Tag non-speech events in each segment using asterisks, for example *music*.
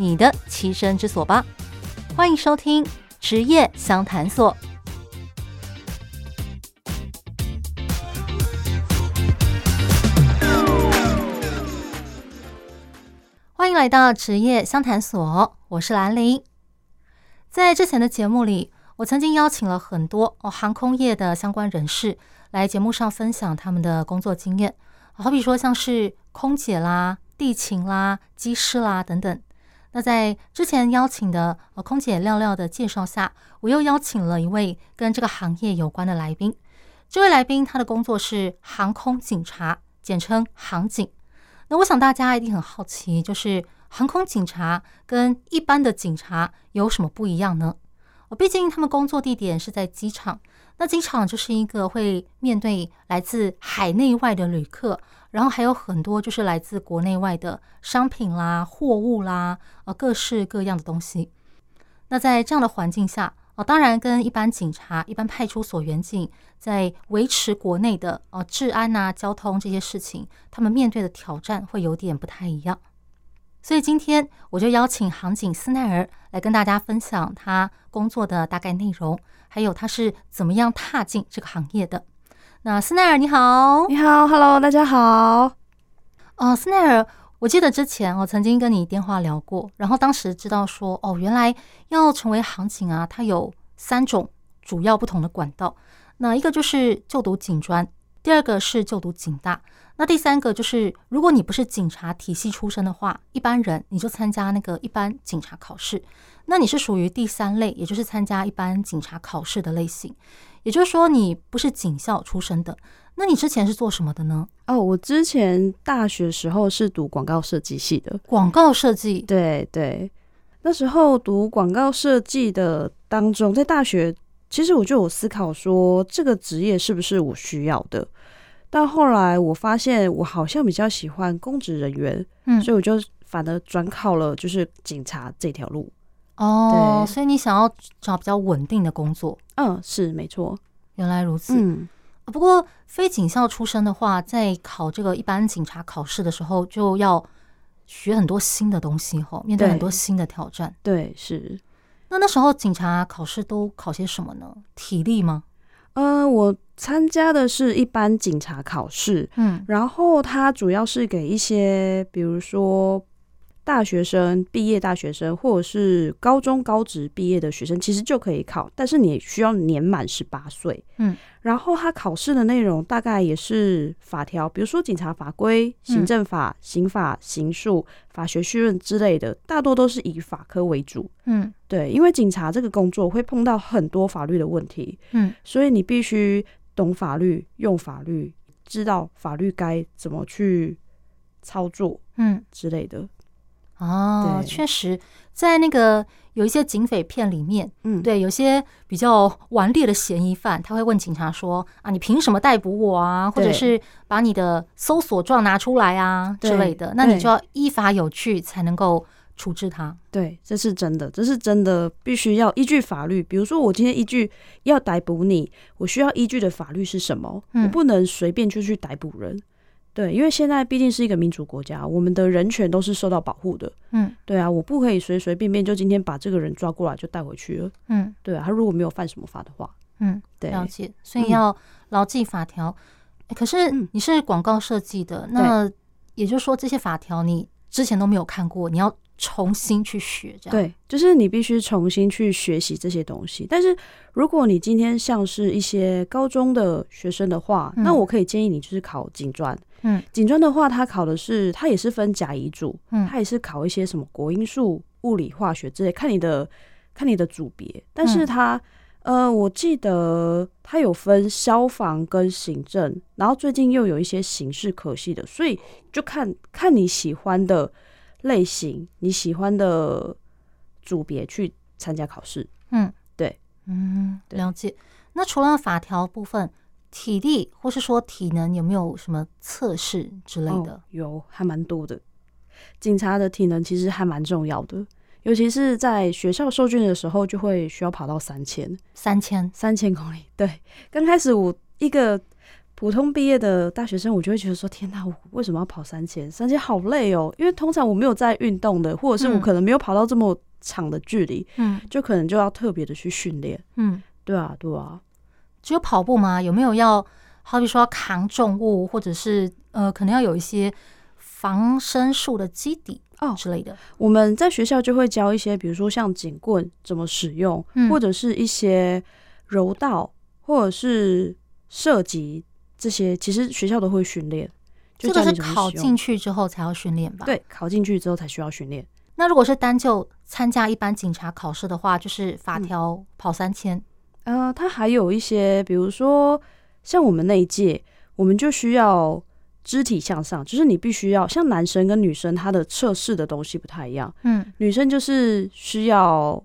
你的棲身之所吧。歡迎收聽《職業相談所》，歡迎來到《職業相談所》，我是蘭玲。在之前的節目裡，我曾經邀請了很多哦航空業的相關人士來節目上分享他們的工作經驗，好比說像是空姐啦、地勤啦、機師啦等等。那在之前邀請的呃空姐廖廖的介紹下，我又邀請了一位跟這個行業有關的來賓。這位來賓他的工作是航空警察，簡稱航警。那我想大家一定很好奇，就是航空警察跟一般的警察有什麼不一樣呢？我畢竟他們工作地點是在機場，那機場就是一個會面對來自海內外的旅客，然後還有很多就是來自國內外的商品啦、貨物啦，呃，各式各樣的東西。那在這樣的環境下，啊，當然跟一般警察、一般派出所員警在維持國內的啊治安吶、啊、交通這些事情，他們面對的挑戰會有點不太一樣。所以今天我就邀請航警斯奈兒來跟大家分享他工作的大概內容，還有他是怎麼樣踏進這個行業的。那斯奈爾你好，你好，Hello，大家好。呃，斯奈爾，我記得之前我曾經跟你電話聊過，然後當時知道說，哦，原來要成為航警啊，它有三種主要不同的管道。那一個就是就讀警專，第二個是就讀警大，那第三個就是如果你不是警察體系出身的話，一般人你就參加那個一般警察考試。那你是屬於第三類，也就是參加一般警察考試的類型。也就是說，你不是警校出身的，那你之前是做什麼的呢？哦，我之前大學時候是讀廣告設計系的。廣告設計，對對，那時候讀廣告設計的當中，在大學，其實我就有思考說這個職業是不是我需要的。但後來我發現，我好像比較喜歡公職人員，嗯，所以我就反而轉考了，就是警察這條路。哦，所以你想要找比較穩定的工作？嗯，是沒錯。原來如此。嗯，不過非警校出身的話，在考這個一般警察考試的時候，就要學很多新的東西，後面對很多新的挑戰。對。對，是。那那時候警察考試都考些什麼呢？體力嗎？嗯、呃，我參加的是一般警察考試，嗯，然後它主要是給一些，比如說。大學生畢業，大學生或者是高中、高職畢業的學生，其實就可以考，但是你需要年滿十八歲。嗯，然後他考試的內容大概也是法條，比如說警察法規、行政法、嗯、刑法、刑訴、法學緒論之類的，大多都是以法科為主。嗯，對，因為警察這個工作會碰到很多法律的問題，嗯，所以你必須懂法律、用法律、知道法律該怎麼去操作，嗯之類的。嗯哦、啊，確實，在那個有一些警匪片裡面，嗯，對，有些比較頑劣的嫌疑犯，他會問警察說：“啊，你憑什麼逮捕我啊？或者是把你的搜索狀拿出來啊之類的？”那你就要依法有據才能夠處置他對。對，這是真的，這是真的，必須要依據法律。比如說，我今天依據要逮捕你，我需要依據的法律是什麼？嗯、我不能隨便就去逮捕人。對，因為現在畢竟是一個民主國家，我們的人權都是受到保護的。嗯，對啊，我不可以隨隨便便就今天把這個人抓過來就帶回去了。嗯，對啊，他如果沒有犯什麼法的話。嗯，對，了解。所以要牢記法條。嗯。欸。可是你是廣告設計的。嗯，那也就是說這些法條你之前都沒有看過，你要重新去學，這樣對，就是你必須重新去學習這些東西。但是如果你今天像是一些高中的學生的話，嗯、那我可以建議你就是考警專。嗯，警專的話，它考的是它也是分甲乙組，它、嗯、也是考一些什麼國英數、物理化學這些，看你的看你的組別。但是它、嗯、呃，我記得它有分消防跟行政，然後最近又有一些刑事科系的，所以就看看你喜歡的，類型你喜歡的組別去參加考試。嗯，對，嗯，了解。那除了法條部分，體力或是說體能有沒有什麼測試之類的？哦，有，還蠻多的。警察的體能其實還蠻重要的，尤其是在學校受訓的時候，就會需要跑到三千、三千、三千、三千公里。對，剛開始我一個。普通畢業的大學生，我就會覺得說：天哪、啊，我為什麼要跑三千？三千好累哦！因為通常我沒有在運動的，或者是我可能沒有跑到這麼長的距離，嗯，嗯，就可能就要特別的去訓練，嗯，對啊，對啊。只有跑步嗎？有沒有要好比說要扛重物，或者是呃，可能要有一些防身術的基底哦之類的，哦？我們在學校就會教一些，比如說像警棍怎麼使用，嗯，或者是一些柔道，或者是射擊。這些其實學校都會訓練，這個是考進去之後才要訓練吧？對，考進去之後才需要訓練。那如果是單就參加一般警察考試的話，就是法條跑三千。嗯。呃，他還有一些，比如說像我們那一屆，我們就需要肢體向上，就是你必須要像男生跟女生他的測試的東西不太一樣。嗯，女生就是需要。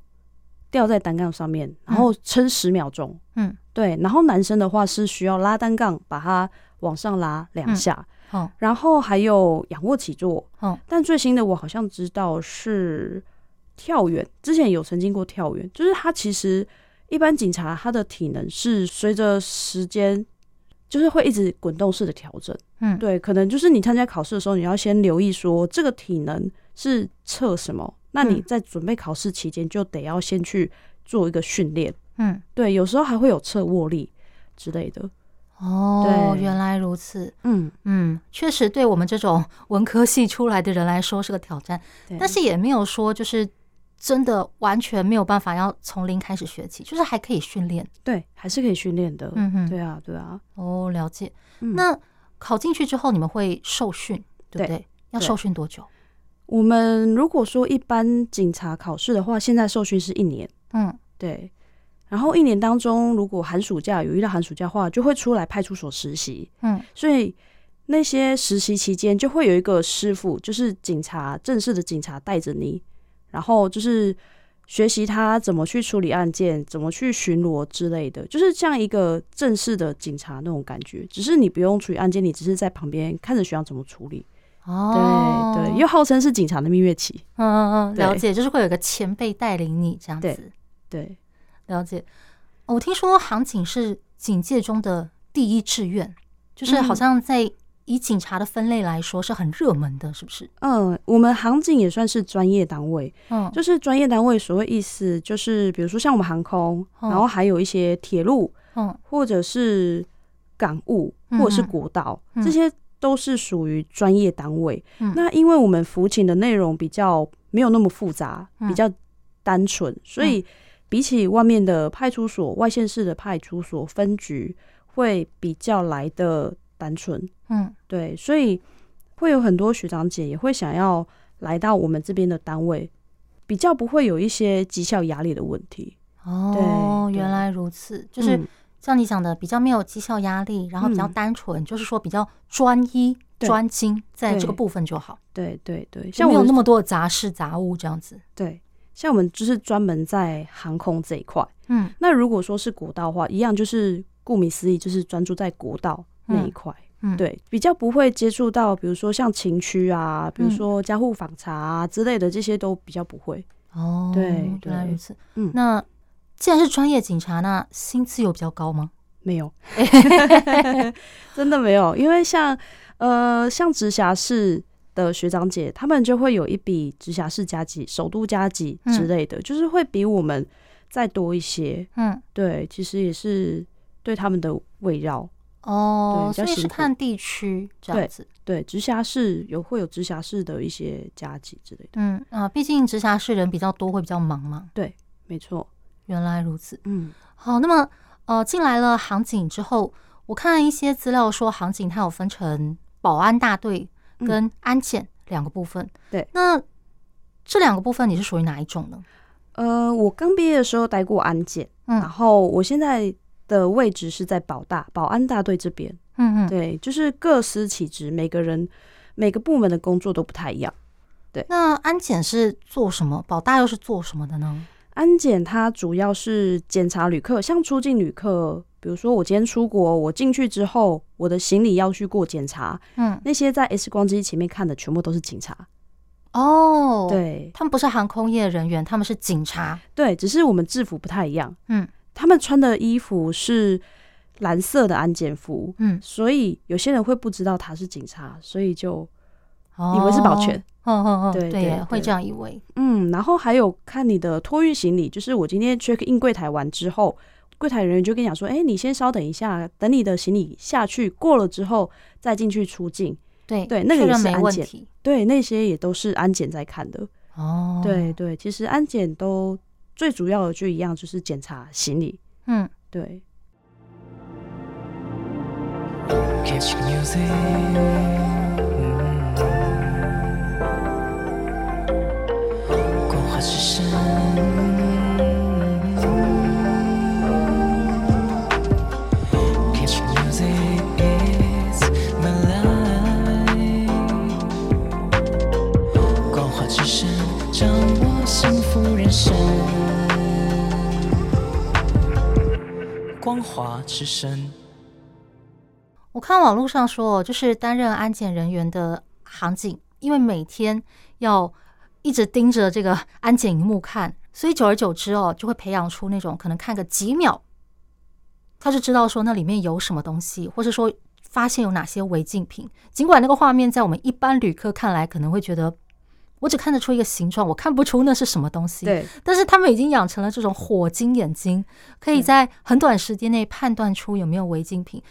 吊在單槓上面，然後撐十秒鐘、嗯。嗯，對。然後男生的話是需要拉單槓，把它往上拉兩下、嗯。然後還有仰臥起坐。但最新的我好像知道是跳遠。之前有曾經過跳遠，就是他其實一般警察他的體能是隨着時間，就是會一直滾動式的調整。嗯，對，可能就是你參加考試的時候，你要先留意說這個體能是測什麼。那你在準備考試期間就得要先去做一個訓練，嗯，對，有時候還會有側握力之類的，哦，原來如此，嗯嗯，確、嗯、實對我們這種文科系出來的人來說是個挑戰，對，但是也沒有說就是真的完全沒有辦法，要從零開始學起，就是還可以訓練，對，還是可以訓練的，嗯哼，對啊，對啊，哦，了解，嗯、那考進去之後你們會受訓，對不對？對，要受訓多久？我們如果說一般警察考試的話，現在受訓是一年，嗯，對。然後一年當中，如果寒暑假有遇到寒暑假話，就會出來派出所實習，嗯。所以那些實習期間就會有一個師傅，就是警察正式的警察帶着你，然後就是學習他怎麼去處理案件，怎麼去巡邏之類的，就是像一個正式的警察那種感覺。只是你不用處理案件，你只是在旁邊看着，學長怎麼處理。哦、oh，對對，又號稱是警察的蜜月期。嗯嗯嗯，了解，就是會有個前輩帶領你這樣子。對，對，了解。我聽說航警是警界中的第一志願，嗯，就是好像在以警察的分類來說是很熱門的，是不是？嗯，我們航警也算是專業單位。嗯，就是專業單位，所謂意思就是，比如說像我們航空，嗯、然後還有一些鐵路，嗯，或者是港務，嗯、或者是國道，嗯嗯、這些。都是屬於專業單位、嗯，那因為我們航警的內容比較沒有那麼複雜，嗯、比較單純，所以比起外面的派出所、嗯、外縣市的派出所分局，會比較來得單純。嗯，對，所以會有很多學長姐也會想要來到我們這邊的單位，比較不會有一些績效壓力的問題。哦，原來如此，就是。嗯像你講的，比較沒有績效壓力，然後比較單純、嗯，就是說比較專一、專精在這個部分就好。對對對，對，像我們沒有那麼多雜事雜物這樣子。對，像我們就是專門在航空這一塊。嗯，那如果說是國道的話，一樣就是顧名思義，就是專注在國道那一塊、嗯。嗯，對，比較不會接觸到，比如說像情區啊，比如說家戶訪查、啊、之類的，這些都比較不會。哦，原來如此。嗯，那。既然是專業警察，那薪資有比較高嗎？沒有， *laughs* 真的沒有。因為像呃，像直轄市的學長姐，他們就會有一筆直轄市加給，首都加給之類的、嗯，就是會比我們再多一些。嗯，對，其實也是對他們的圍繞哦，對，比較辛苦，所以是看地區這樣子。對，對直轄市有會有直轄市的一些加給之類的。嗯啊，畢竟直轄市人比較多，會比較忙嘛。對，沒錯。原來如此，嗯，好，那麼，呃，進來了航警之後，我看一些資料說，航警它有分成保安大隊跟安檢兩個部分，對、嗯，那這兩個部分你是屬於哪一種呢？呃，我剛畢業的時候待過安檢，然後我現在的位置是在保大保安大隊這邊，嗯嗯，對，就是各司其職，每個人每個部門的工作都不太一樣，對。那安檢是做什麼，保大又是做什麼的呢？安檢它主要是檢查旅客，像出境旅客，比如說我今天出國，我進去之後，我的行李要去過檢查。嗯，那些在 X 光機前面看的，全部都是警察。哦，對，他們不是航空業人員，他們是警察。對，只是我們制服不太一樣。嗯，他們穿的衣服是藍色的安檢服。嗯，所以有些人會不知道他是警察，所以就。以為是保全，oh, oh, oh, 對，對對，會這樣以為。嗯，然後還有看你的託運行李，就是我今天 check in 櫃檯完之後，櫃檯人員就跟你講說：“哎、欸，你先稍等一下，等你的行李下去過了之後，再進去出境。對”對對，那個也是安檢，對那些也都是安檢在看的。哦、oh.，對對，其實安檢都最主要的就一樣，就是檢查行李。嗯，對。光華之聲，掌握幸福人生。光華之聲。我看網絡上說，就是擔任安檢人員的航警，因為每天要。一直盯着這個安檢熒幕看，所以久而久之哦，就會培養出那種可能看個幾秒，他就知道說那裡面有什麼東西，或者說發現有哪些違禁品。儘管那個畫面在我們一般旅客看來可能會覺得，我只看得出一個形狀，我看不出那是什麼東西。對，但是他們已經養成了這種火眼金睛，可以在很短時間內判斷出有沒有違禁品。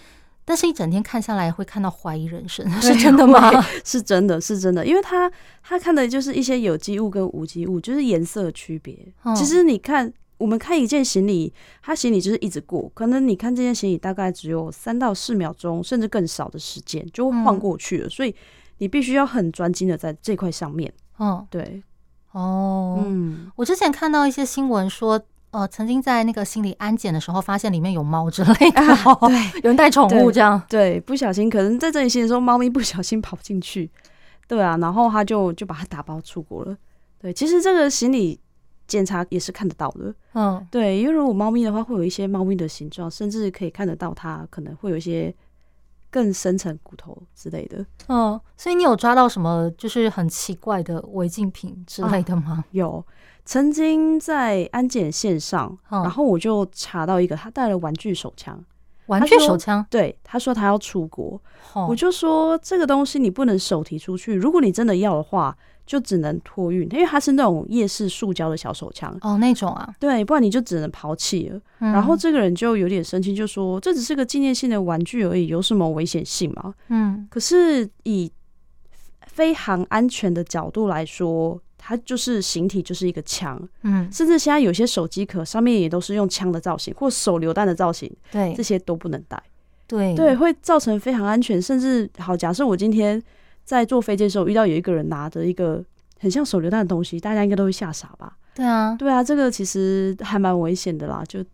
但是一整天看下來，會看到懷疑人生，是真的嗎？是真的，是真的，因為他他看的就是一些有機物跟無機物，就是顏色的區別，嗯。其實你看，我們看一件行李，他行李就是一直過，可能你看這件行李大概只有三到四秒鐘，甚至更少的時間就會晃過去了，嗯。所以你必須要很專心的在這塊上面。嗯，對，哦，嗯，我之前看到一些新聞說。呃，曾經在那個行李安檢的時候，發現裡面有貓之類的。啊，對， *laughs* 有人帶寵物這樣對，對，不小心可能在整理行李的時候，貓咪不小心跑進去，對啊，然後他就就把它打包出國了，對，其實這個行李檢查也是看得到的，嗯，對，因為如果貓咪的話，會有一些貓咪的形狀，甚至可以看得到它可能會有一些更深層骨頭之類的，嗯，所以你有抓到什麼就是很奇怪的違禁品之類的嗎？啊、有。曾經在安檢線上，oh. 然後我就查到一個，他帶了玩具手槍，玩具手槍。對，他說他要出國，oh. 我就說這個東西你不能手提出去，如果你真的要的話，就只能托運，因為他是那種夜市塑膠的小手槍。哦、oh,，那種啊，對，不然你就只能拋棄了、嗯。然後這個人就有點生氣，就說這只是個紀念性的玩具而已，有什麼危險性嗎？嗯，可是以飛航安全的角度來說。它就是形體，就是一個槍，嗯，甚至現在有些手機殼上面也都是用槍的造型，或手榴彈的造型，對，這些都不能帶，對對，會造成非常安全。甚至好，假設我今天在坐飛機的時候遇到有一個人拿着一個很像手榴彈的東西，大家應該都會嚇傻吧？對啊，對啊，這個其實還蠻危險的啦，就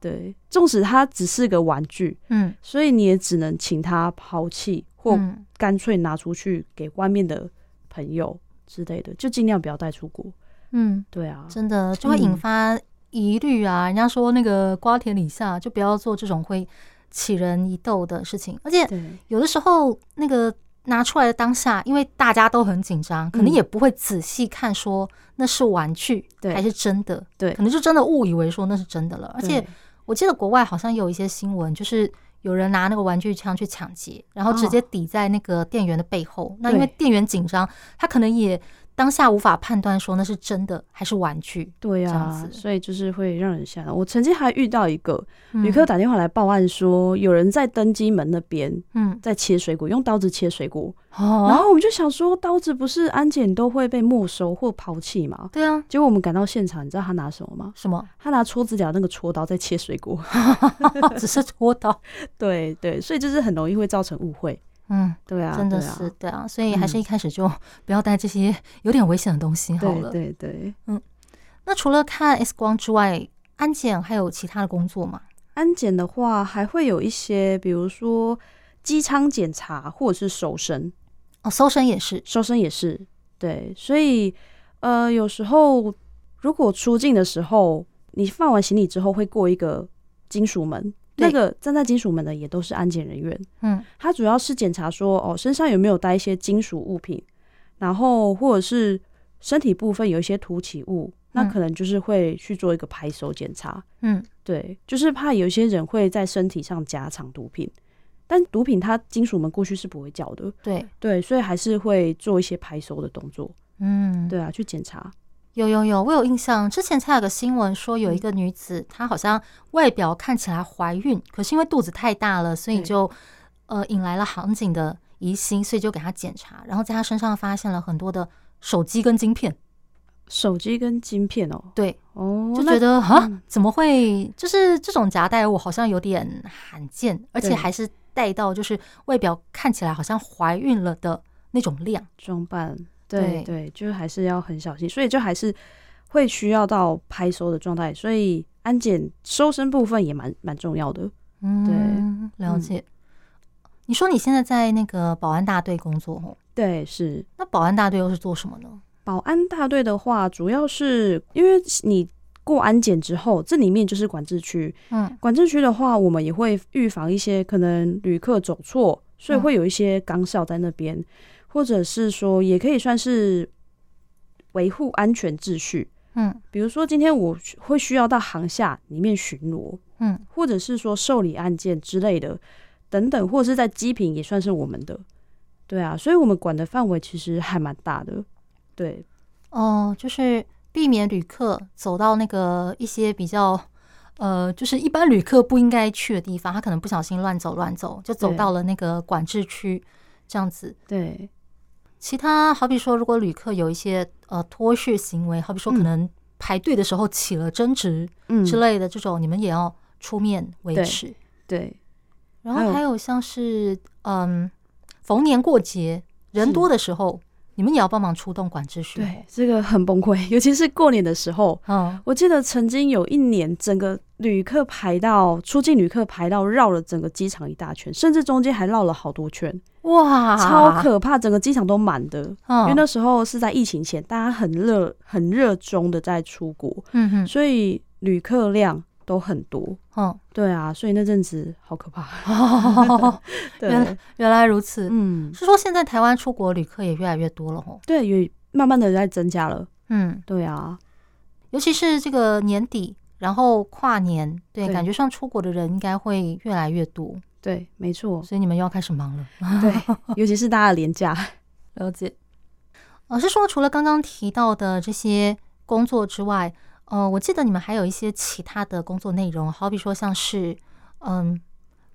對，縱使它只是個玩具，嗯，所以你也只能請他拋棄，或乾脆拿出去給外面的朋友。嗯之類的，就儘量不要帶出國。嗯，對啊，真的就會引發疑慮啊。人家說那個瓜田李下，就不要做這種會起人疑竇的事情。而且有的時候那個拿出來的當下，因為大家都很緊張，可能也不會仔細看，說那是玩具、嗯、還是真的。對，可能就真的誤以為說那是真的了。而且我記得國外好像有一些新聞，就是。有人拿那個玩具槍去搶劫，然後直接抵在那個店員的背後、oh。那因為店員緊張，他可能也。當下無法判斷說那是真的還是玩具，對呀，啊，所以就是會讓人嚇到。我曾經還遇到一個旅客打電話來報案，說有人在登機門那邊，嗯，在切水果，嗯，用刀子切水果。哦，然後我們就想說，刀子不是安檢都會被沒收或拋棄嗎？對啊。結果我們趕到現場，你知道他拿什麼嗎？什麼？他拿搓指甲的那個搓刀在切水果， *laughs* 只是搓刀。 *laughs* 對對，所以就是很容易會造成誤會。嗯，對啊，真的是對啊，對啊，所以還是一開始就不要帶這些有點危險的東西好了。對對，對，嗯。那除了看 X 光之外，安檢還有其他的工作嗎？安檢的話，還會有一些，比如說機艙檢查或者是搜身。哦，搜身也是，搜身也是。對，所以呃，有時候如果出境的時候，你放完行李之後，會過一個金屬門。那個站在金屬門的也都是安檢人員，嗯，他主要是檢查說哦，身上有沒有帶一些金屬物品，然後或者是身體部分有一些凸起物，嗯，那可能就是會去做一個拍搜檢查，嗯，對，就是怕有一些人會在身體上夾藏毒品，但毒品它金屬門過去是不會叫的，對對，所以還是會做一些拍搜的動作，嗯，對啊，去檢查。有有有，我有印象，之前才有個新聞說，有一個女子、嗯，她好像外表看起來懷孕，可是因為肚子太大了，所以就呃引來了航警的疑心，所以就給她檢查，然後在她身上發現了很多的手機跟晶片。手機跟晶片哦，對哦，就覺得哈、嗯，怎麼會，就是這種夾帶物好像有點罕見，而且還是帶到就是外表看起來好像懷孕了的那種量，裝扮。對對，就是還是要很小心，所以就還是會需要到拍搜的狀態，所以安檢搜身部分也蠻蠻重要的。嗯，對，了解、嗯。你說你現在在那個保安大隊工作？對，是。那保安大隊又是做什麼呢？保安大隊的話，主要是因為你過安檢之後，這裡面就是管制區。嗯，管制區的話，我們也會預防一些可能旅客走錯，所以會有一些崗哨在那邊。嗯嗯或者是說，也可以算是維護安全秩序。嗯，比如說今天我會需要到航廈裡面巡邏，嗯，或者是說受理案件之類的，等等，或者是在機坪也算是我們的。對啊，所以我們管的範圍其實還蠻大的。對，哦、呃，就是避免旅客走到那個一些比較呃，就是一般旅客不應該去的地方，他可能不小心亂走亂走，就走到了那個管制區，這樣子。對。對其他好比說，如果旅客有一些呃脫序行為，好比說可能排隊的時候起了爭執之類的這種，嗯，你們也要出面維持，嗯對。對，然後還有像是有嗯，逢年過節人多的時候。你們也要幫忙出動管制員？對，這個很崩潰，尤其是過年的時候。嗯，我記得曾經有一年，整個旅客排到出境旅客排到繞了整個機場一大圈，甚至中間還繞了好多圈。哇，超可怕！整個機場都滿的。嗯，因為那時候是在疫情前，大家很熱很熱衷的在出國。嗯哼，所以旅客量，都很多，嗯，對啊，所以那陣子好可怕，哦 *laughs* 對。原原來如此，嗯，是說，現在台灣出國旅客也越來越多了，喔，吼，對，也慢慢的在增加了，嗯，對啊，尤其是這個年底，然後跨年，對，對，感覺上出國的人應該會越來越多，對，沒錯，所以你們又要開始忙了，對，尤其是大家的連假， *laughs* 了解。我是說，除了剛剛提到的這些工作之外，哦、呃，我記得你們還有一些其他的工作內容，好比說像是，嗯、呃，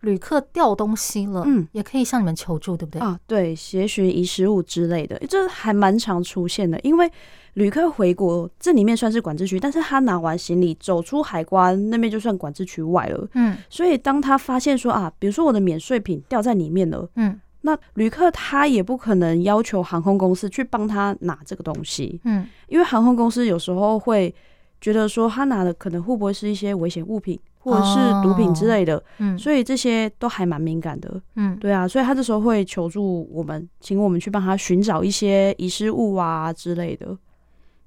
旅客掉東西了，嗯，也可以向你們求助，嗯、對不對？啊，對，協尋遺失物之類的，這還蠻常出現的。因為旅客回國，這裡面算是管制區，但是他拿完行李走出海關那邊，就算管制區外了，嗯，所以當他發現說啊，比如說我的免稅品掉在裡面了，嗯，那旅客他也不可能要求航空公司去幫他拿這個東西，嗯，因為航空公司有時候會。覺得說他拿的可能會不會是一些危險物品，或者是毒品之類的，所以這些都還蠻敏感的，嗯，對啊，所以他這時候會求助我們，請我們去幫他尋找一些遺失物啊之類的，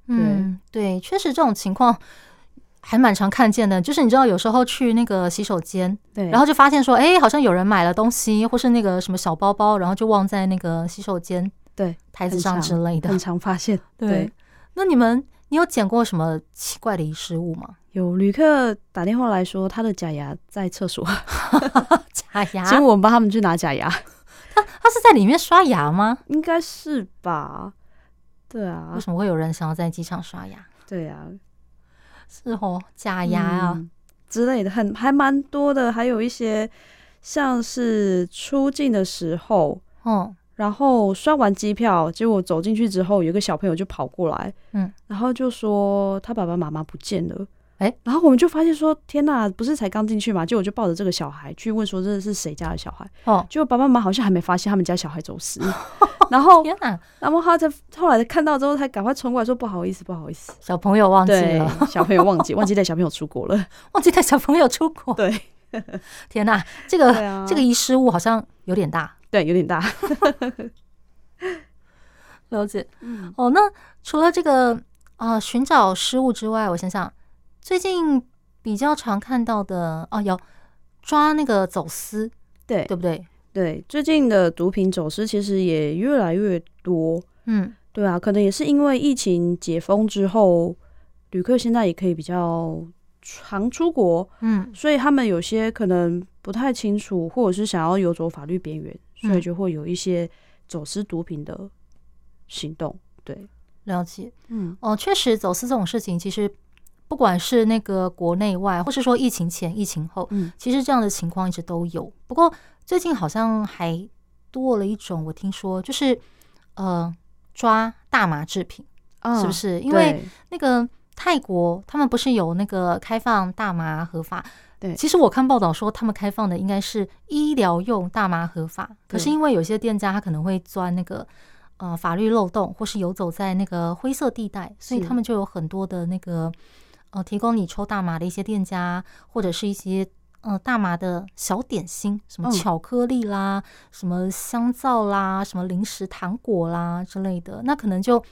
嗯，對，確實這種情況還蠻常看見的，就是你知道有時候去那個洗手間，對，然後就發現說，哎、欸，好像有人買了東西，或是那個什麼小包包，然後就忘在那個洗手間對台子上之類的，很常，很常發現，對，對那你們。你有撿過什麼奇怪的遺失物嗎？有旅客打電話來說，他的假牙在廁所， *laughs* 假牙，所 *laughs* 以我們幫他們去拿假牙。他他是在裡面刷牙嗎？應該是吧。對啊。為什麼會有人想要在機場刷牙？對啊，是哦，假牙啊、嗯、之類的，很還蠻多的，還有一些像是出境的時候，哦、嗯。然後刷完機票，結果走進去之後，有一個小朋友就跑過來，嗯，然後就說他爸爸媽媽不見了。哎、欸，然後我們就發現說，天吶，不是才剛進去嘛？結果就抱着這個小孩去問說，這是誰家的小孩？哦，結果爸爸媽媽好像還沒發現他們家小孩走失、哦。然後天哪，然後他在後來看到之後，他趕快衝過來說，不好意思，不好意思，小朋友忘記了，小朋友忘記忘記帶小朋友出國了，忘記帶小朋友出國。對， *laughs* 天吶，這個、啊、這個遺失物好像有點大。對，有點大。 *laughs* *laughs* 了解。哦、嗯，oh, 那除了這個啊、呃，尋找失物之外，我想想，最近比較常看到的哦，有抓那個走私，對對不對？對，最近的毒品走私其實也越來越多。嗯，對啊，可能也是因為疫情解封之後，旅客現在也可以比較常出國。嗯，所以他們有些可能不太清楚，或者是想要游走法律邊緣。所以就會有一些走私毒品的行動，對，嗯，了解，嗯，呃，哦，確實，走私這種事情，其實不管是那個國內外，或是說疫情前、疫情後，嗯，其實這樣的情況一直都有。不過最近好像還多了一種，我聽說就是，呃，抓大麻制品，哦，是不是？因為那個泰國他們不是有那個開放大麻合法？對，其實我看報道說他們開放的應該是醫療用大麻合法，可是因為有些店家他可能會鑽那個呃法律漏洞，或是游走在那個灰色地帶，所以他們就有很多的那個呃提供你抽大麻的一些店家，或者是一些呃大麻的小點心，什麼巧克力啦，什麼香皂啦，什麼零食糖果啦之類的，那可能就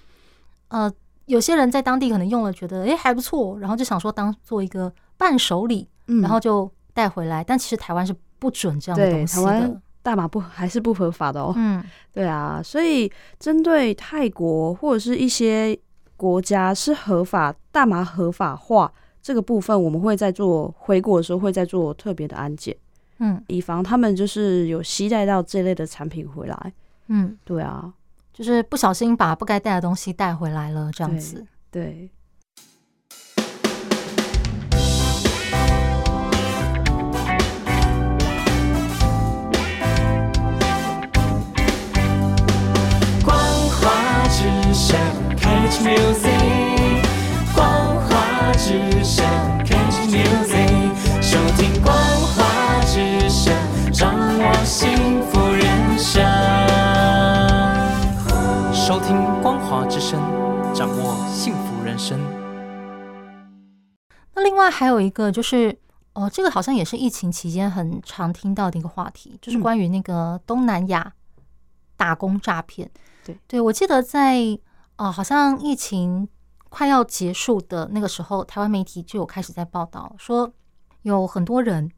呃有些人在當地可能用了覺得哎，還不錯，然後就想說當做一個伴手禮。然後就帶回來，但其實台灣是不准這樣的東西的。台灣大麻不還是不合法的哦。嗯，對啊，所以針對泰國或者是一些國家是合法大麻合法化這個部分，我們會再做回國的時候會再做特別的安檢，嗯，以防他們就是有攜帶到這類的產品回來。嗯，對啊，就是不小心把不該帶的東西帶回來了這樣子。對。對 Music，光華之聲。Music，收聽光華之聲，掌握幸福人生。收聽光華之聲，掌握幸福人生。那另外還有一個就是，哦，這個好像也是疫情期間很常聽到的一個話題，就是關於那個東南亞打工詐騙。對，對我記得在。哦，好像疫情快要結束的那個時候，台灣媒體就有開始在報道說，有很多人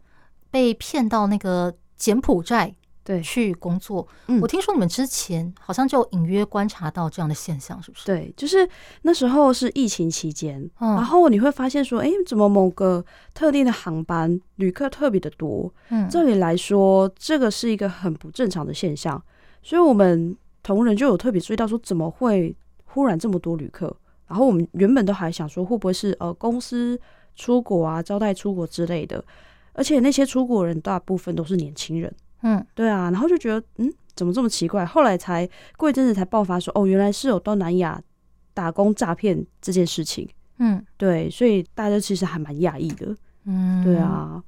被騙到那個柬埔寨對去工作。嗯，我聽說你們之前好像就隱約觀察到這樣的現象，是不是？對，就是那時候是疫情期間、嗯，然後你會發現說，哎、欸，怎麼某個特定的航班旅客特別的多？嗯，照理來說，這個是一個很不正常的現象，所以我們同仁就有特別注意到說，怎麼會？忽然這麼多旅客，然後我們原本都還想說會不會是呃公司出國啊，招待出國之類的，而且那些出國人大部分都是年輕人，嗯，對啊，然後就覺得嗯怎麼這麼奇怪，後來才過一陣子才爆發說哦原來是有東南亞打工詐騙這件事情，嗯，對，所以大家其實還蠻訝異的，嗯，對啊，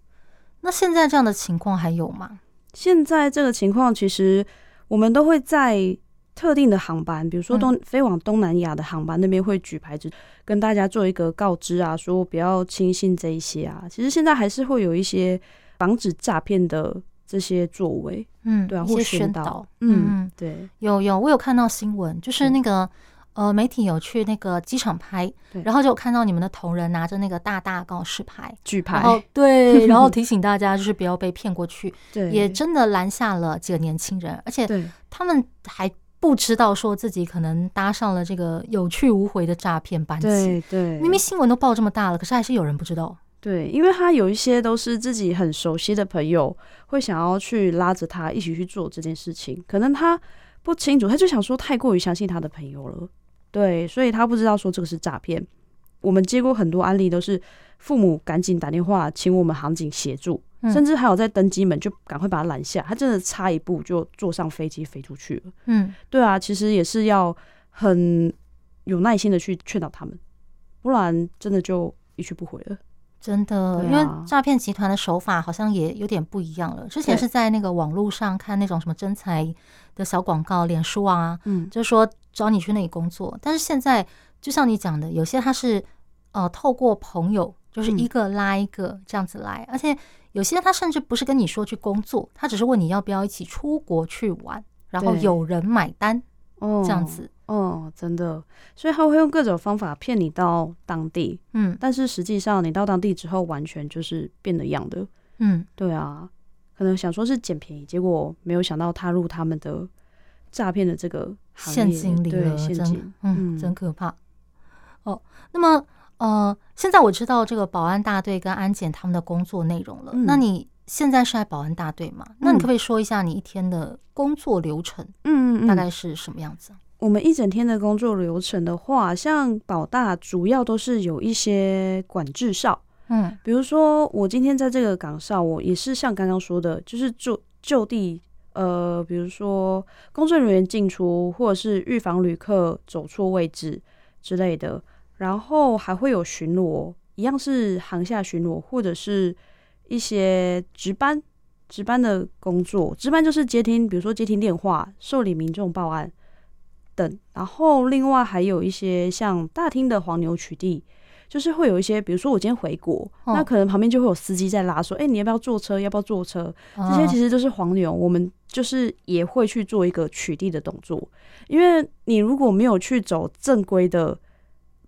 那現在這樣的情況還有嗎？現在這個情況其實我們都會在。特定的航班，比如說東飛往東南亞的航班，那邊會舉牌子，嗯、跟大家做一個告知啊，說不要輕信這一些啊。其實現在還是會有一些防止詐騙的這些作為，嗯，對啊，一些宣導，嗯，對、嗯，有有，我有看到新聞，就是那個、嗯、呃媒體有去那個機場拍，然後就看到你們的同仁拿着那個大大告示牌舉牌，對，然後提醒大家就是不要被騙過去， *laughs* 對，也真的攔下了幾個年輕人，而且他們還。不知道說自己可能搭上了這個有去無回的詐騙班機。對對，對，明明新聞都報這麼大了，可是還是有人不知道。對，因為他有一些都是自己很熟悉的朋友，會想要去拉着他一起去做這件事情，可能他不清楚，他就想說太過於相信他的朋友了，對，所以他不知道說這個是詐騙。我們接過很多案例都是。父母趕緊打電話請我們航警協助，嗯，甚至還有在登機門就趕快把他攔下。他真的差一步就坐上飛機飛出去了。嗯，對啊，其實也是要很有耐心的去勸導他們，不然真的就一去不回了。真的，啊，因為詐騙集團的手法好像也有點不一樣了。之前是在那個網絡上看那種什麼真才的小廣告，臉書啊，嗯，就是說找你去那裡工作。但是現在就像你講的，有些他是呃透過朋友。就是一個拉一個這樣子來，嗯、而且有些人他甚至不是跟你說去工作，他只是問你要不要一起出國去玩，然後有人買單哦這樣子哦，真的，所以他會用各種方法騙你到當地，嗯，但是實際上你到當地之後完全就是變了樣的，嗯，對啊，可能想說是撿便宜，結果沒有想到踏入他們的詐騙的這個陷阱裡了，真嗯，真可怕哦、嗯嗯，那麼。呃，現在我知道這個保安大隊跟安檢他們的工作內容了，嗯。那你現在是在保安大隊嗎，嗯？那你可不可以說一下你一天的工作流程？嗯嗯，大概是什麼樣子？我們一整天的工作流程的話，像保大主要都是有一些管制哨。嗯，比如說我今天在這個崗哨，我也是像剛剛說的，就是就就地呃，比如說工作人員進出，或者是預防旅客走錯位置之類的。然後還會有巡邏，一樣是航廈巡邏，或者是一些值班、值班的工作。值班就是接聽，比如說接聽電話、受理民眾報案等。然後另外還有一些像大廳的黃牛取締，就是會有一些，比如說我今天回國，哦、那可能旁邊就會有司機在拉，說：“哎、欸，你要不要坐車？要不要坐車？”哦、這些其實都是黃牛，我們就是也會去做一個取締的動作。因為你如果沒有去走正規的。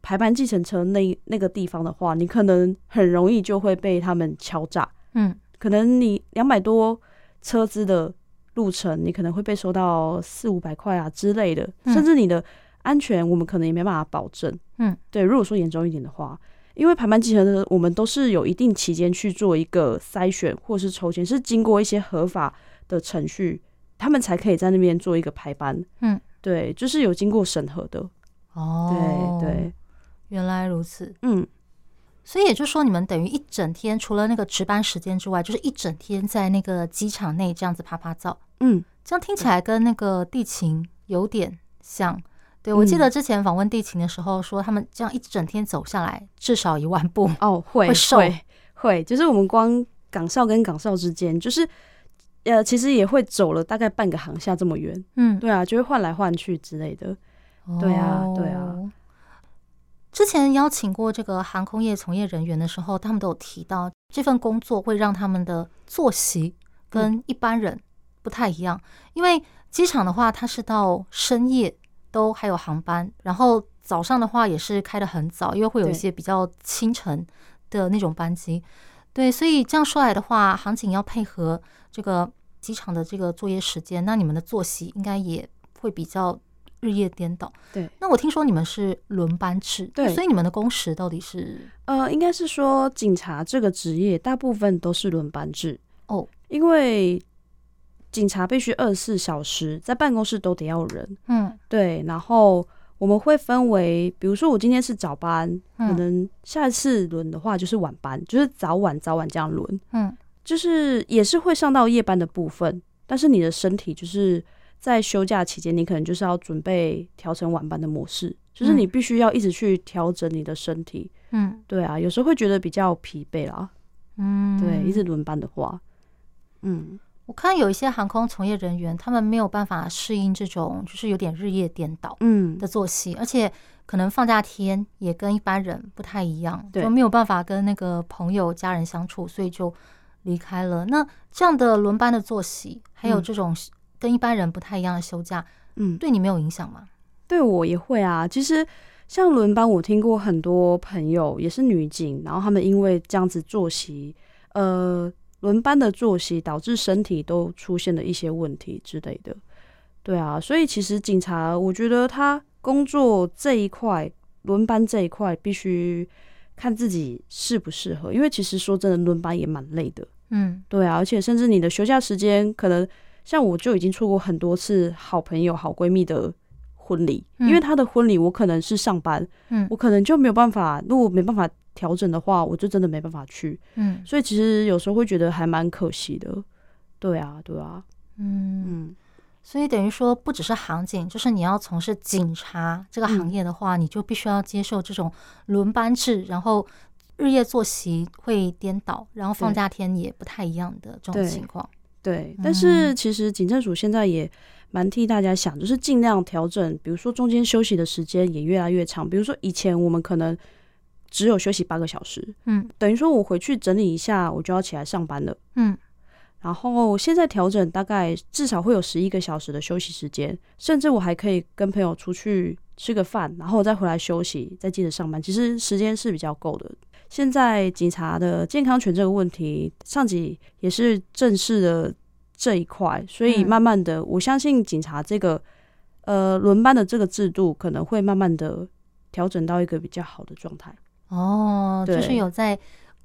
排班計程車那那個地方的話，你可能很容易就會被他們敲詐，嗯，可能你兩百多車資的路程，你可能會被收到四五百塊啊之類的，嗯，甚至你的安全我們可能也沒辦法保證，嗯，對。如果說嚴重一點的話，因為排班計程車我們都是有一定期間去做一個篩選或是抽籤，是經過一些合法的程序，他們才可以在那邊做一個排班，嗯，對，就是有經過審核的，哦，對，對對。原來如此，嗯，所以也就是說，你們等於一整天除了那個值班時間之外，就是一整天在那個機場內這樣子趴趴走，嗯，這樣聽起來跟那個地勤有點像。對，對我記得之前訪問地勤的時候，說他們這樣一整天走下來至少一萬步，哦，會會瘦會，會，就是我們光崗哨跟崗哨之間，就是呃，其實也會走了大概半個航廈這麼遠，嗯，對啊，就會換來換去之類的，哦，對啊，對啊。之前邀請過這個航空業從業人員的時候，他們都有提到這份工作會讓他們的作息跟一般人不太一樣。嗯、因為機場的話，它是到深夜都還有航班，然後早上的話也是開得很早，因為會有一些比較清晨的那種班機。對，對，所以這樣說來的話，航警要配合這個機場的這個作業時間，那你們的作息應該也會比較。日夜顛倒，對。那我聽說你們是輪班制，對。所以你們的工時到底是？呃，應該是說警察這個職業大部分都是輪班制哦，因為警察必須二十四小時在辦公室都得要人，嗯，對。然後我們會分為，比如說我今天是早班，可能，嗯，下一次輪的話就是晚班，就是早晚早晚這樣輪，嗯，就是也是會上到夜班的部分，但是你的身體就是。在休假期間，你可能就是要準備調成晚班的模式，嗯、就是你必須要一直去調整你的身體。嗯，對啊，有時候會覺得比較疲憊啦。嗯，對，一直輪班的話，嗯，我看有一些航空從業人員，他們沒有辦法適應這種就是有點日夜顛倒，嗯，的作息，嗯，而且可能放假天也跟一般人不太一樣，對，就沒有辦法跟那個朋友家人相處，所以就離開了。那這樣的輪班的作息，還有這種、嗯。跟一般人不太一樣的休假，嗯，對你沒有影響嗎？對我也會啊。其實像輪班，我聽過很多朋友也是女警，然後他們因為這樣子作息，呃，輪班的作息導致身體都出現了一些問題之類的。對啊，所以其實警察，我覺得他工作這一塊，輪班這一塊必須看自己適不適合，因為其實說真的，輪班也蠻累的。嗯，對啊，而且甚至你的休假時間可能。像我就已經錯過很多次好朋友、好閨蜜的婚禮，嗯，因為她的婚禮我可能是上班，嗯，我可能就沒有辦法。如果沒辦法調整的話，我就真的沒辦法去，嗯。所以其實有時候會覺得還蠻可惜的，對啊，對啊，嗯，嗯，所以等於說，不只是航警，就是你要從事警察這個行業的話，嗯、你就必須要接受這種輪班制，然後日夜作息會顛倒，然後放假天也不太一樣的這種情況。對，但是其實警政署現在也蠻替大家想，就是盡量調整，比如說中間休息的時間也越來越長。比如說以前我們可能只有休息八個小時，嗯，等於說我回去整理一下，我就要起來上班了，嗯。然後現在調整大概至少會有十一個小時的休息時間，甚至我還可以跟朋友出去吃個飯，然後我再回來休息，再接着上班。其實時間是比較夠的。現在警察的健康權這個問題，上級也是正視了這一塊，所以慢慢的，嗯、我相信警察這個呃輪班的這個制度可能會慢慢的調整到一個比較好的狀態。哦，就是有在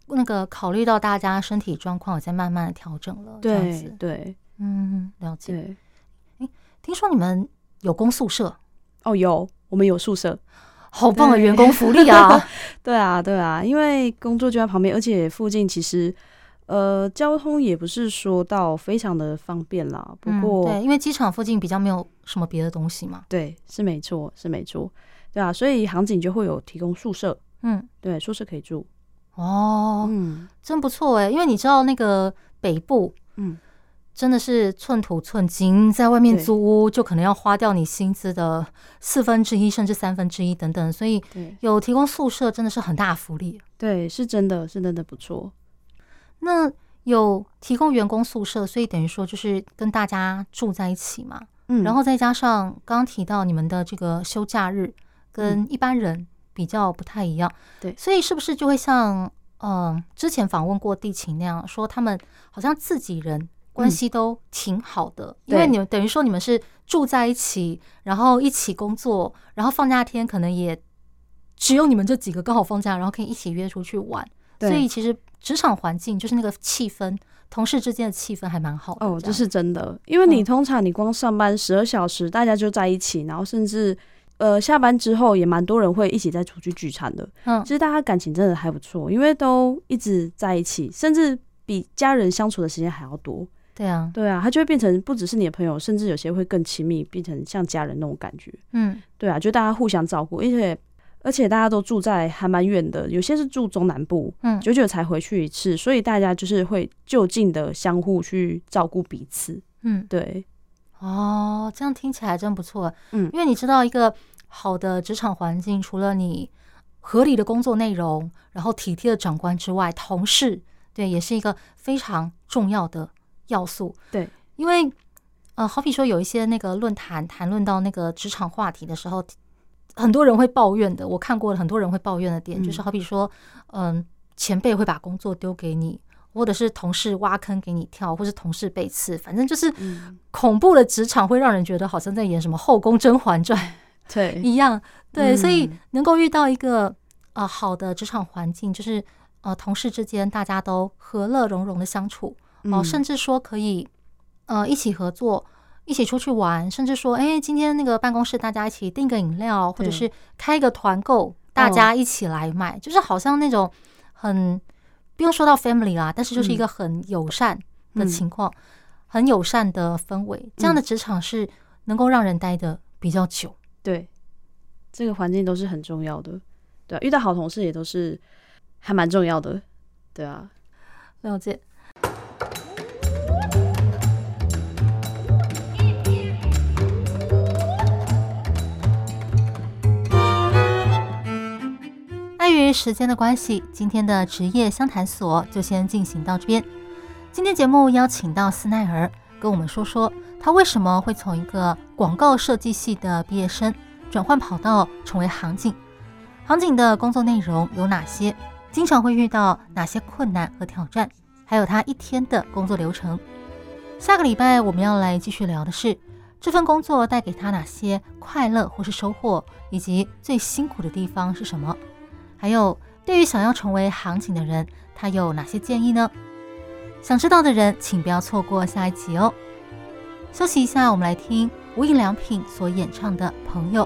那個考慮到大家身體狀況，有在慢慢的調整了。對，這樣子對，嗯，了解。哎、欸，聽說你們有公宿舍？哦，有，我們有宿舍。好棒的員工福利啊！ *laughs* 對啊，對啊，啊啊、因為工作就在旁邊，而且附近其實呃交通也不是說到非常的方便啦。不過、嗯，對，因為機場附近比較沒有什麼別的東西嘛。對，是沒錯，是沒錯。對啊，所以航警就會有提供宿舍。嗯，對，宿舍可以住。哦，嗯，真不錯哎，因為你知道那個北部，嗯。真的是寸土寸金，在外面租屋就可能要花掉你薪資的四分之一甚至三分之一等等，所以有提供宿舍真的是很大福利。對，是真的，是真的不錯。那有提供員工宿舍，所以等於說就是跟大家住在一起嘛。嗯，然後再加上剛剛提到你們的這個休假日跟一般人比較不太一樣，嗯、對，所以是不是就會像嗯、呃、之前訪問過地勤那樣，說他們好像自己人。關係都挺好的，因為你們等於說你們是住在一起，然後一起工作，然後放假天可能也只有你們這幾個剛好放假，然後可以一起約出去玩。所以其實職場環境就是那個氣氛，同事之間的氣氛還蠻好的。哦，這是真的，因為你通常你光上班十二小時，大家就在一起，嗯、然後甚至呃下班之後也蠻多人會一起再出去聚餐的。嗯，其實大家感情真的還不錯，因為都一直在一起，甚至比家人相處的時間還要多。對啊，對啊，他就會變成不只是你的朋友，甚至有些會更親密，變成像家人那種感覺。嗯，對啊，就大家互相照顧，而且而且大家都住在還蠻遠的，有些是住中南部，嗯，久久才回去一次，所以大家就是會就近的相互去照顧彼此。嗯，對。哦，這樣聽起來真不錯。嗯，因為你知道一個好的職場環境，除了你合理的工作內容，然後體貼的長官之外，同事，對，也是一個非常重要的要素對，因為呃，好比說有一些那個論壇談論到那個職場話題的時候，很多人會抱怨的。我看過了，很多人會抱怨的點、嗯、就是，好比說，嗯、呃，前輩會把工作丟給你，或者是同事挖坑給你跳，或是同事背刺，反正就是恐怖的職場會讓人覺得好像在演什麼後宮甄嬛傳對一樣。對、嗯，所以能夠遇到一個呃好的職場環境，就是呃，同事之間大家都和樂融融的相處。哦、甚至說可以，呃，一起合作，一起出去玩，甚至說，哎、欸，今天那個辦公室大家一起訂個飲料，或者是開一個團購、哦，大家一起來買，就是好像那種很，不用說到 family 啦，但是就是一個很友善的情況、嗯，很友善的氛圍、嗯，這樣的職場是能夠讓人待得比較久。對，這個環境都是很重要的。對啊，遇到好同事也都是還蠻重要的。對啊，了解。時間的關係，今天的職業相談所就先進行到這邊。今天節目邀請到斯奈爾，跟我們說說他為什麼會從一個廣告設計系的畢業生轉換跑道成為航警，航警的工作內容有哪些，經常會遇到哪些困難和挑戰，還有他一天的工作流程。下個禮拜我們要來繼續聊的是這份工作帶給他哪些快樂或是收穫，以及最辛苦的地方是什麼。還有，對於想要成為航警的人，他有哪些建議呢？想知道的人，請不要錯過下一集哦。休息一下，我們來聽無印良品所演唱的《朋友》。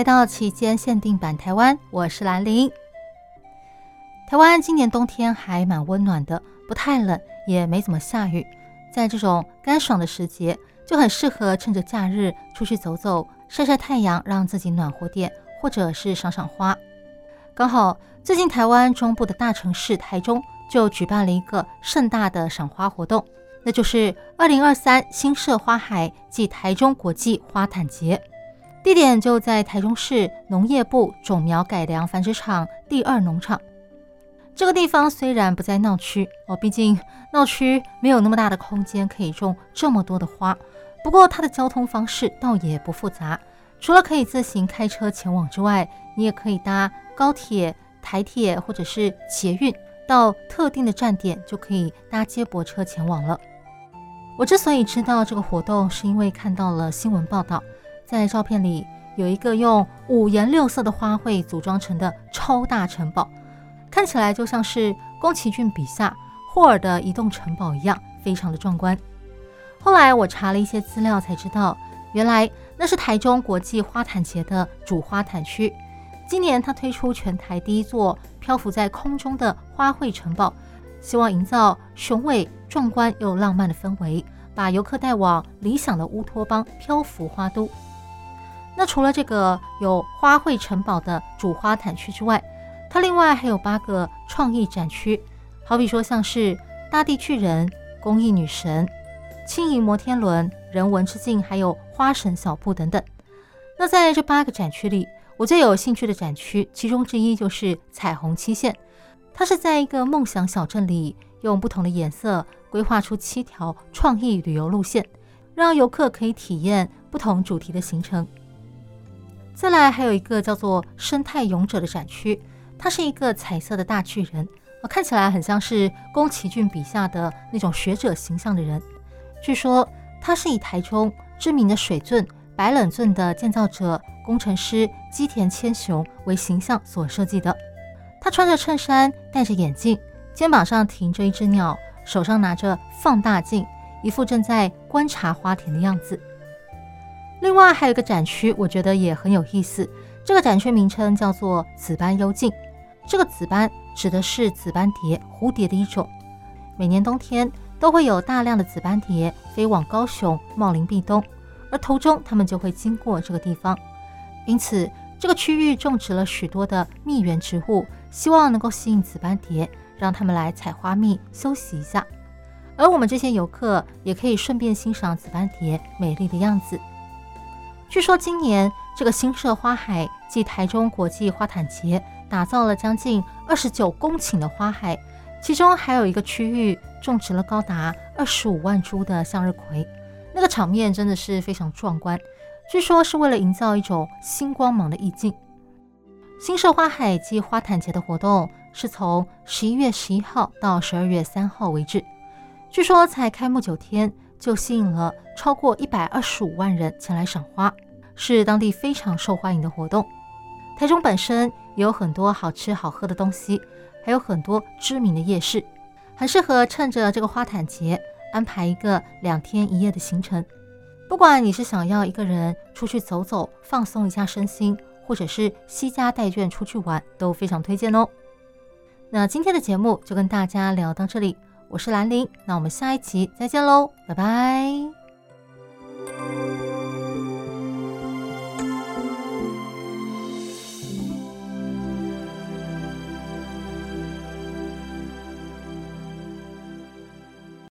來到期間限定版台灣，我是蘭琳。台灣今年冬天還蠻溫暖的，不太冷，也沒怎麼下雨。在這種乾爽的時節，就很適合趁着假日出去走走，曬曬太陽，讓自己暖和點，或者是賞賞花。剛好最近台灣中部的大城市台中就舉辦了一個盛大的賞花活動，那就是二零二三新社花海暨台中國際花毯節。地點就在台中市農業部種苗改良繁殖場第二農場。這個地方雖然不在鬧區，哦，畢竟鬧區沒有那麼大的空間可以種這麼多的花。不過它的交通方式倒也不複雜，除了可以自行開車前往之外，你也可以搭高鐵、台鐵或者是捷運到特定的站點，就可以搭接駁車前往了。我之所以知道這個活動，是因為看到了新聞報道。在照片裡有一個用五顏六色的花卉組裝成的超大城堡，看起來就像是宮崎駿筆下霍爾的移動城堡一樣，非常的壯觀。後來我查了一些資料才知道，原來那是台中國際花毯節的主花毯區。今年他推出全台第一座漂浮在空中的花卉城堡，希望營造雄偉壯觀又浪漫的氛圍，把遊客帶往理想的烏托邦漂浮花都。那除了這個有花卉城堡的主花毯區之外，它另外還有八個創意展區，好比說像是大地巨人、公益女神、輕盈摩天輪、人文之境，還有花神小鋪等等。那在這八個展區裡，我最有興趣的展區其中之一就是彩虹七線，它是在一個夢想小鎮裡，用不同的顏色規劃出七條創意旅遊路線，讓遊客可以體驗不同主題的行程。再來還有一個叫做“生態勇者”的展區，它是一個彩色的大巨人，看起來很像是宮崎駿筆下的那種學者形象的人。據說他是以台中知名的水圳、白冷圳的建造者工程師磯田謙雄為形象所設計的。他穿着襯衫，戴着眼鏡，肩膀上停着一隻鳥，手上拿着放大鏡，一副正在觀察花田的樣子。另外還有一個展區，我覺得也很有意思。這個展區名稱叫做“紫斑幽徑”，這個紫斑指的是紫斑蝶，蝴蝶的一種。每年冬天都會有大量的紫斑蝶飛往高雄茂林避冬，而途中它們就會經過這個地方。因此，這個區域種植了許多的蜜源植物，希望能夠吸引紫斑蝶，讓它們來採花蜜休息一下。而我們這些遊客也可以順便欣賞紫斑蝶美麗的樣子。據說今年這個新社花海暨台中國際花毯節，打造了將近二十九公頃的花海，其中還有一個區域種植了高達二十五萬株的向日葵，那個場面真的是非常壯觀。據說是為了營造一種新光芒的意境。新社花海暨花毯節的活動是從十一月十一號到十二月三號為止，據說才開幕九天，就吸引了超過一百二十五萬人前來賞花，是當地非常受歡迎的活動。台中本身有很多好吃好喝的東西，還有很多知名的夜市，很適合趁着這個花毯節安排一個兩天一夜的行程。不管你是想要一個人出去走走，放鬆一下身心，或者是攜家帶眷出去玩，都非常推薦哦。那今天的節目就跟大家聊到這裡。我是蘭陵，那我們下一期再見嘍，拜拜。